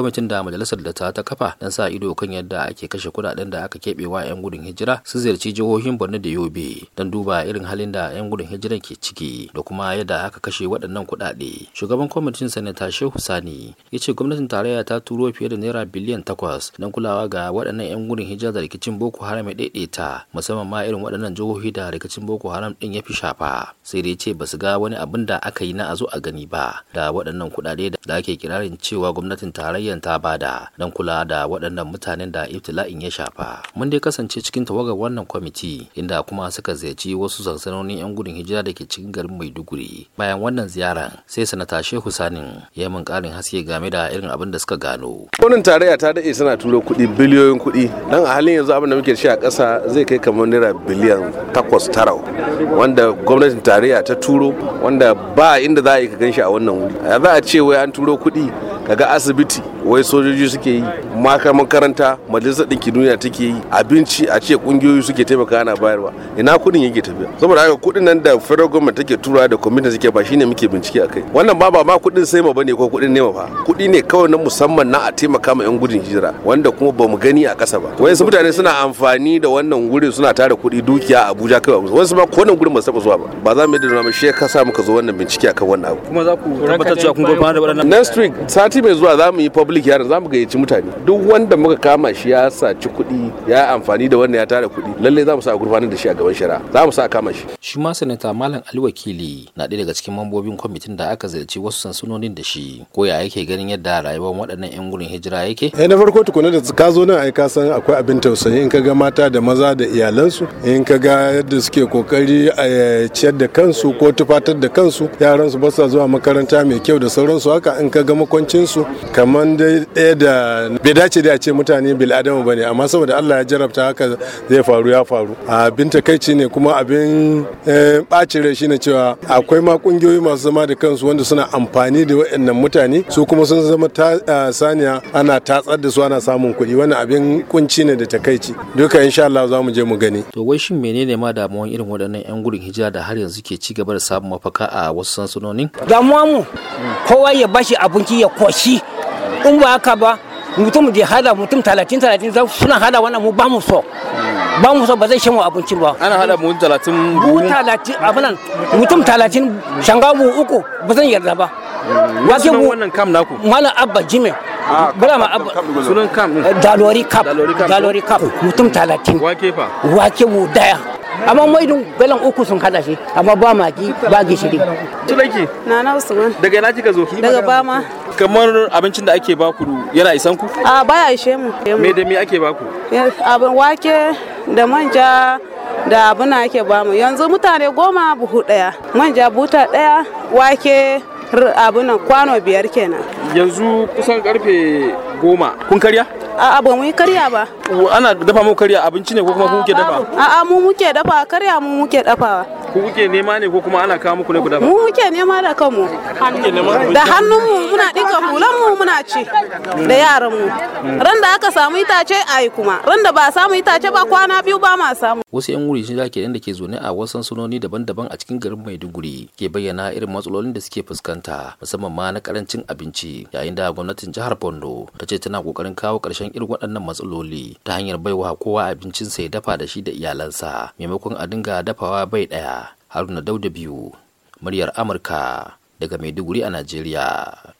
kwamitin da majalisar da ta ta kafa don sa ido kan yadda ake kashe kudaden da aka keɓe wa 'yan gudun hijira su ziyarci jihohin borno da yobe don duba irin halin da 'yan gudun hijiran ke ciki da kuma yadda aka kashe waɗannan kudade shugaban kwamitin sanata shehu sani ya ce gwamnatin tarayya ta turo fiye da naira biliyan takwas don kulawa ga waɗannan 'yan gudun hijira da rikicin boko haram ya daidaita musamman ma irin waɗannan jihohi da rikicin boko haram din ya fi shafa sai dai ce ba su ga wani abin da aka yi na a zo a gani ba da waɗannan kuɗaɗe da ake kirarin cewa gwamnatin tarayya Najeriya ta bada don kula da waɗannan mutanen da iftila'in ya shafa. Mun dai kasance cikin tawagar wannan kwamiti inda kuma suka ziyarci wasu sansanonin 'yan gudun hijira da ke cikin garin Maiduguri. Bayan wannan ziyaran sai sanata Shehu Sanin ya min ƙarin haske game da irin abin da suka gano. Gwamnatin tarayya ta daɗe suna turo kuɗi biliyoyin kuɗi don a halin yanzu abin da muke shi a ƙasa zai kai kamar naira biliyan takwas tara wanda gwamnatin tarayya ta turo wanda ba inda za a yi ka gan shi a wannan wuri. Za a ce wai an turo kuɗi kaga asibiti wai sojoji suke yi maka makaranta majalisar ɗinki duniya take yi abinci a ce ƙungiyoyi suke taimaka ana bayarwa ina kudin yake tafiya saboda haka kudin nan da federal government take tura da committee suke ba shine muke bincike akai wannan ba ba ma kuɗin sai ma bane ko kuɗin nema fa kuɗi ne kawai na musamman na a taimaka ma yan gudun hijira wanda kuma bamu gani a ƙasa ba su mutane suna amfani da wannan wuri suna tara kuɗi dukiya a Abuja kai wasu ma ko nan gurin ba zuwa ba ba za mu yi da shi ya kasa muka zo wannan bincike akan wannan abu kuma za ku tabbatar cewa kun gurfanar da waɗannan next week sati sati mai zuwa za mu yi public yaran za mu gayyaci mutane duk wanda muka kama shi ya saci kuɗi ya amfani da wannan ya tara kudi lallai za mu sa gurfanin da shi a gaban shari'a za mu sa kama shi. shi ma sanata malam ali wakili na ɗaya daga cikin mambobin kwamitin da aka ziyarci wasu sansunonin da shi ko ya yake ganin yadda rayuwar waɗannan 'yan gurin hijira yake. eh na farko tukuna da ka zo nan ai ka san akwai abin tausayi in ka ga mata da maza da iyalansu in ka ga yadda suke kokari a ciyar da kansu ko tufatar da kansu yaransu ba sa zuwa makaranta mai kyau da sauransu haka in ka ga makwancin su kamar dai ɗaya eh, da bai dace da a ce mutane bil adamu bane amma saboda Allah ya jarabta haka zai faru ya faru abin takaici ne kuma abin eh, ɓacin rai shine cewa akwai ma kungiyoyi masu zama da kansu wanda suna amfani da waɗannan mutane su kuma sun zama eh, saniya ana tatsar da su ana samun kuɗi wannan abin kunci ne da takaici duka insha Allah za mu je mu gani to wai shin menene ma damuwan irin waɗannan yan gurin hijira da har yanzu ke ci gaba da samun mafaka a wasu sansunonin damuwa mu kowa ya bashi abinci ya koshi shi in ba haka ba mutum da hada mutum 30-30 talatin suna hada wannan mu ba mu so ba mu so ba zai shan abinci ba ana hada mu talatin buhu talatin abinan mutum talatin shanga mu uku ba zan yarda ba mm. wake mu wannan kam naku malam abba jime ah, bala ma abba sunan kam dalori kap dalori kap mutum talatin wake fa wake mu daya amma mai dun belan uku sun hada shi amma ba maki ba gishiri tunaki na na usman daga ina kika zo daga bama kamar abincin da ake baku yana isan ku a baya ishe mu me da me ake baku abin wake da manja da abin ake bamu yanzu mutane goma buhu daya manja buta daya wake abunan kwano biyar kenan yanzu kusan karfe goma kun karya a'a ba mu karya ba ana dafa mu karya abinci ne ko kuma kuke dafa a'a mu muke dafa karya mu muke dafawa ku kuke nema ne ko kuma ana kawo muku ne guda mu kuke nema da kanmu da hannunmu muna dinka hulan muna ci da yaran mu ran aka samu itace kuma ran ba samu itace ba kwana biyu ba ma samu wasu yan wuri shida ke da ke zaune a wasu sansanoni daban-daban a cikin garin Maiduguri ke bayyana irin matsalolin da suke fuskanta musamman ma na karancin abinci yayin da gwamnatin jihar Bondo ta ce tana kokarin kawo karshen irin waɗannan matsaloli ta hanyar baiwa kowa abincin sai dafa da shi da iyalansa maimakon a dinga dafawa bai ɗaya Haruna Dauda biyu muryar Amurka daga Maiduguri a Najeriya.